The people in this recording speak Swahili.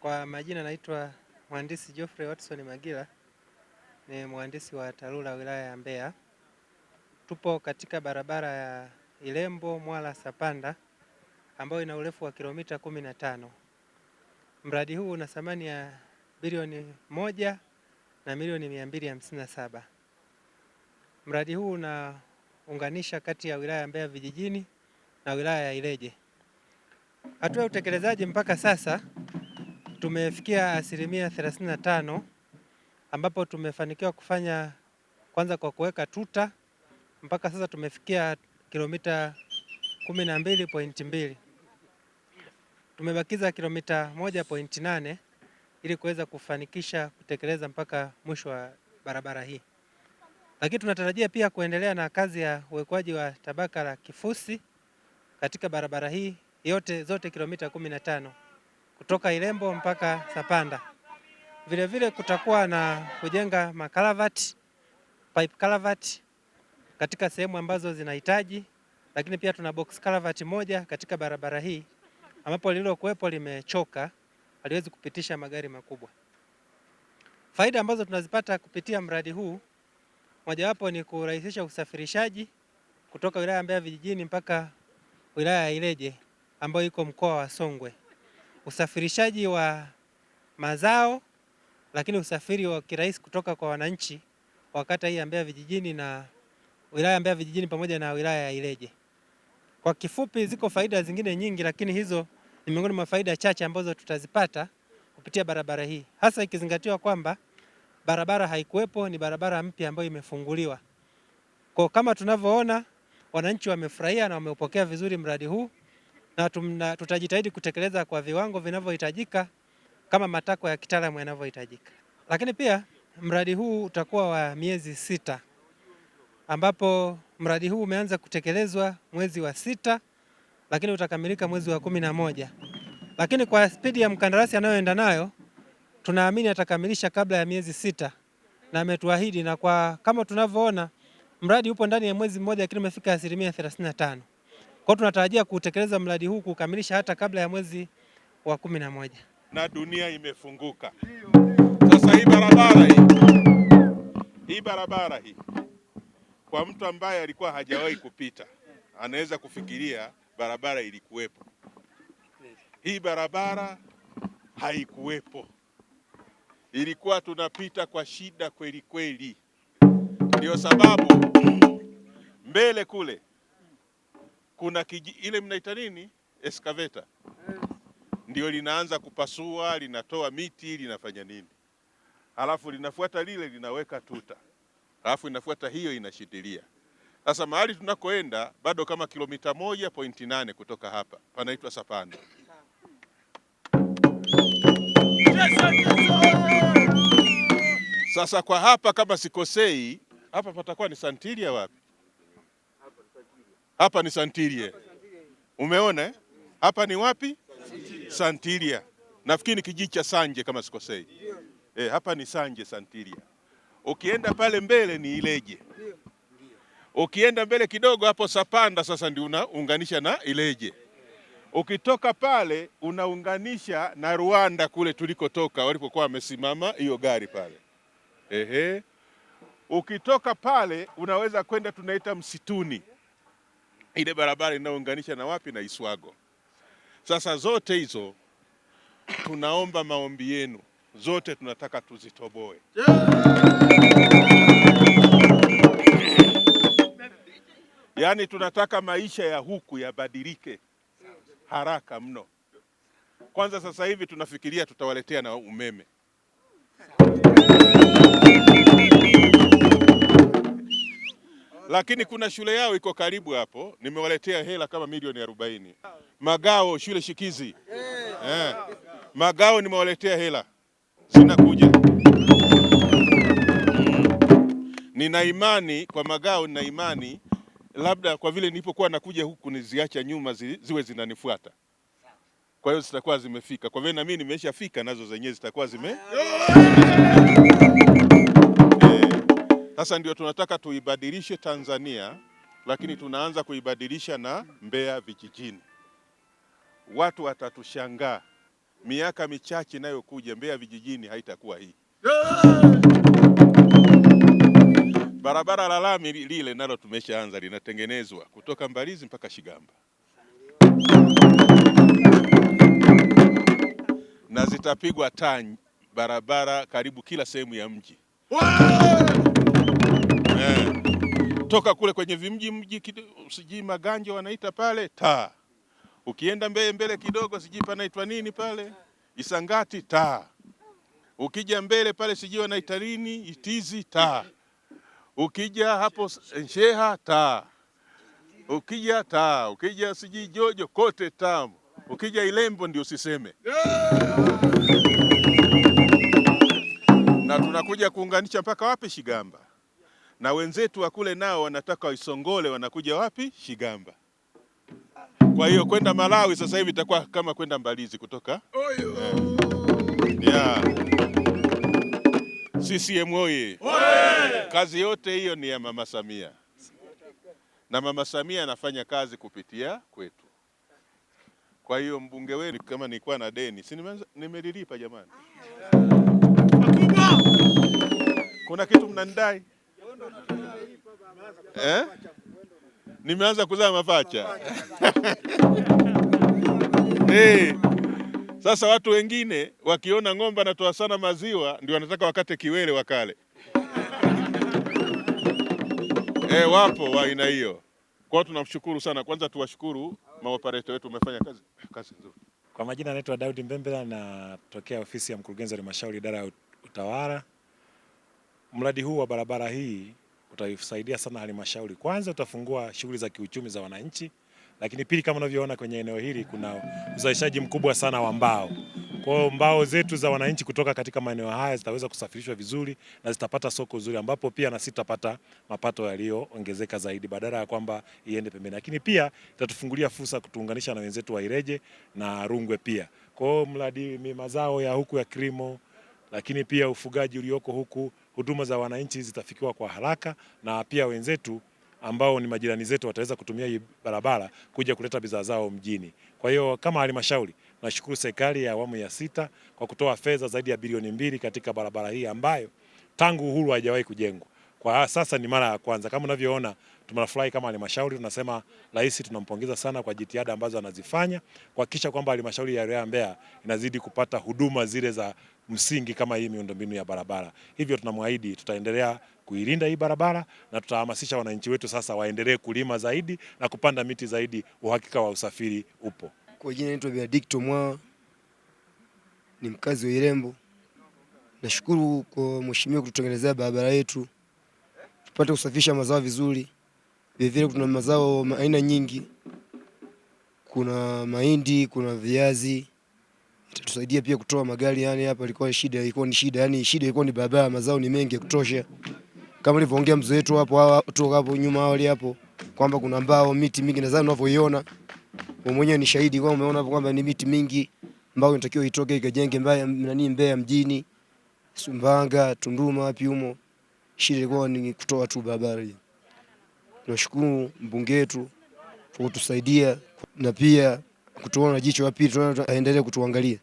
Kwa majina naitwa mhandisi Geoffrey Watson Magila, ni mhandisi wa TARURA wilaya ya Mbeya. Tupo katika barabara ya Ilembo Mwala Sapanda ambayo ina urefu wa kilomita 15. Mradi huu una thamani ya bilioni moja na milioni saba. Mradi huu unaunganisha kati ya wilaya ya Mbeya vijijini na wilaya ya Ileje. Hatua ya utekelezaji mpaka sasa tumefikia asilimia 35 ambapo tumefanikiwa kufanya kwanza kwa kuweka tuta. Mpaka sasa tumefikia kilomita 12.2, tumebakiza kilomita 1.8 ili kuweza kufanikisha kutekeleza mpaka mwisho wa barabara hii, lakini tunatarajia pia kuendelea na kazi ya uwekwaji wa tabaka la kifusi katika barabara hii yote zote kilomita 15 kutoka Ilembo mpaka Sapanda. Vilevile vile kutakuwa na kujenga makalavati, pipe kalavati katika sehemu ambazo zinahitaji, lakini pia tuna box kalavati moja katika barabara hii ambapo lililokuwepo limechoka, haliwezi kupitisha magari makubwa. Faida ambazo tunazipata kupitia mradi huu mojawapo ni kurahisisha usafirishaji kutoka wilaya ya Mbeya vijijini mpaka wilaya ya Ileje ambayo iko mkoa wa Songwe usafirishaji wa mazao, lakini usafiri wa kirahisi kutoka kwa wananchi wa kata hii ya Mbeya vijijini na wilaya ya Mbeya vijijini pamoja na wilaya ya Ileje. Kwa kifupi, ziko faida zingine nyingi, lakini hizo ni miongoni mwa faida chache ambazo tutazipata kupitia barabara hii, hasa ikizingatiwa kwamba barabara haikuwepo, ni barabara mpya ambayo imefunguliwa. Kwa kama tunavyoona, wananchi wamefurahia na wameupokea vizuri mradi huu na tumna, tutajitahidi kutekeleza kwa viwango vinavyohitajika kama matakwa ya kitaalamu yanavyohitajika. Lakini pia mradi huu utakuwa wa miezi sita, ambapo mradi huu umeanza kutekelezwa mwezi wa sita, lakini utakamilika mwezi wa kumi na moja. Lakini kwa spidi ya mkandarasi anayoenda nayo, tunaamini atakamilisha kabla ya miezi sita, na ametuahidi na kwa kama tunavyoona mradi upo ndani ya mwezi mmoja, lakini umefika asilimia 35. Kwa hiyo tunatarajia kutekeleza mradi huu kukamilisha hata kabla ya mwezi wa kumi na moja. Na dunia imefunguka sasa. Hii barabara hii hii barabara hii kwa mtu ambaye alikuwa hajawahi kupita anaweza kufikiria barabara ilikuwepo. Hii barabara haikuwepo, ilikuwa tunapita kwa shida kweli kweli. ndio sababu mbele kule kuna kiji, ile mnaita nini excavator eh. ndio linaanza kupasua, linatoa miti, linafanya nini, halafu linafuata lile linaweka tuta, halafu inafuata hiyo inashindilia. Sasa mahali tunakoenda bado kama kilomita moja pointi nane kutoka hapa, panaitwa Sapanda. Sasa kwa hapa kama sikosei, hapa patakuwa ni Santilia wapi? hapa ni santiria Umeona eh? hapa ni wapi? santiria nafikiri ni kijiji cha Sanje kama sikosei. E, hapa ni Sanje Santiria. Ukienda pale mbele ni Ileje, ukienda mbele kidogo hapo Sapanda, sasa ndio unaunganisha na Ileje. Ukitoka pale unaunganisha na Rwanda kule tulikotoka walipokuwa wamesimama hiyo gari pale. Ehe. Ukitoka pale unaweza kwenda tunaita msituni ile barabara inayounganisha na wapi na Iswago. Sasa zote hizo tunaomba maombi yenu, zote tunataka tuzitoboe. Yaani tunataka maisha ya huku yabadilike haraka mno. Kwanza sasa hivi tunafikiria tutawaletea na umeme. lakini kuna shule yao iko karibu hapo, nimewaletea hela kama milioni arobaini. Magao shule shikizi eh. eh, Magao nimewaletea hela zinakuja. Nina imani kwa Magao, nina imani labda kwa vile nilipokuwa nakuja huku niziacha nyuma zi, ziwe zinanifuata kwa hiyo zitakuwa zimefika. Kwa vile na mimi nimeshafika, nazo zenyewe zitakuwa zime sasa ndio tunataka tuibadilishe Tanzania, lakini tunaanza kuibadilisha na Mbeya vijijini. Watu watatushangaa, miaka michache inayokuja Mbeya vijijini haitakuwa hii. Barabara la lami lile nalo tumeshaanza, linatengenezwa kutoka Mbalizi mpaka Shigamba, na zitapigwa taa barabara karibu kila sehemu ya mji kutoka kule kwenye vimji mji sijui Maganje wanaita pale ta ukienda mbele mbele kidogo sijui panaitwa nini pale Isangati ta, ukija mbele pale sijui wanaita nini Itizi ta, ukija hapo Nsheha ta, ukija ta, ukija sijui Jojo kote ta, ukija Ilembo ndio usiseme yeah! na tunakuja kuunganisha mpaka wapi Shigamba na wenzetu wa kule nao wanataka waisongole, wanakuja wapi? Shigamba. Kwa hiyo kwenda Malawi sasa hivi itakuwa kama kwenda Mbalizi kutoka eh, yeah. CCM oye! Kazi yote hiyo ni ya Mama Samia na Mama Samia anafanya kazi kupitia kwetu. Kwa hiyo mbunge wenu, kama nilikuwa na deni, si nimelilipa jamani? Ah, Kuna kitu mnanidai? eh? Nimeanza kuzaa mapacha hey. Sasa watu wengine wakiona ng'ombe anatoa sana maziwa ndio wanataka wakate kiwele wakale. E, eh, wapo wa aina hiyo. Kwao tunamshukuru sana. Kwanza tuwashukuru maoperator wetu, umefanya kazi kazi nzuri. Kwa majina anaitwa Daudi Mbembela, natokea ofisi ya mkurugenzi wa halmashauri idara ya utawala. Mradi huu wa barabara hii utaisaidia sana halmashauri. Kwanza utafungua shughuli za kiuchumi za wananchi, lakini pili, kama unavyoona kwenye eneo hili kuna uzalishaji mkubwa sana wa mbao. Kwa hiyo mbao zetu za wananchi kutoka katika maeneo haya zitaweza kusafirishwa vizuri na zitapata soko zuri, ambapo pia na sisi tutapata mapato yaliyoongezeka zaidi, badala ya kwamba iende pembeni. Lakini pia itatufungulia fursa kutuunganisha na wenzetu wa Ireje na Rungwe pia. Kwa hiyo mradi mazao ya huku ya kilimo, lakini pia ufugaji ulioko huku huduma za wananchi zitafikiwa kwa haraka na pia wenzetu ambao ni majirani zetu wataweza kutumia hii barabara kuja kuleta bidhaa zao mjini. Kwa hiyo kama halmashauri nashukuru serikali ya awamu ya sita kwa kutoa fedha zaidi ya bilioni mbili katika barabara hii ambayo tangu uhuru haijawahi kujengwa. Kwa sasa ni mara ya kwanza kama unavyoona. Tunafurahi kama halmashauri, tunasema rais tunampongeza sana kwa jitihada ambazo anazifanya kuhakikisha kwamba halmashauri ya wilaya Mbeya inazidi kupata huduma zile za msingi kama hii miundombinu ya barabara. Hivyo tunamwahidi tutaendelea kuilinda hii barabara na tutahamasisha wananchi wetu sasa waendelee kulima zaidi na kupanda miti zaidi. Uhakika wa usafiri upo. Kwa jina naitwa Benedicto Mwa, ni mkazi wa Irembo. Nashukuru kwa mheshimiwa kututengenezea barabara yetu tupate kusafisha mazao vizuri. Vilevile kuna mazao aina nyingi, kuna mahindi, kuna viazi. Itatusaidia pia kutoa magari. Yani hapa ilikuwa shida, ilikuwa ni shida, yani shida ilikuwa ni barabara. Mazao ni mengi kutosha, kama nilivyoongea mzee wetu hapo hapo nyuma awali hapo kwamba kuna mbao miti mingi, nadhani unavyoiona wewe mwenyewe ni shahidi kwa umeona hapo kwamba ni miti mingi ambayo inatakiwa itoke ikajenge mbaya nani Mbeya mjini, Sumbanga, Tunduma, wapi humo. Shida ilikuwa ni kutoa tu barabara. Tunashukuru mbunge wetu kwa kutusaidia na pia kutuona jicho la pili, kutuangalia.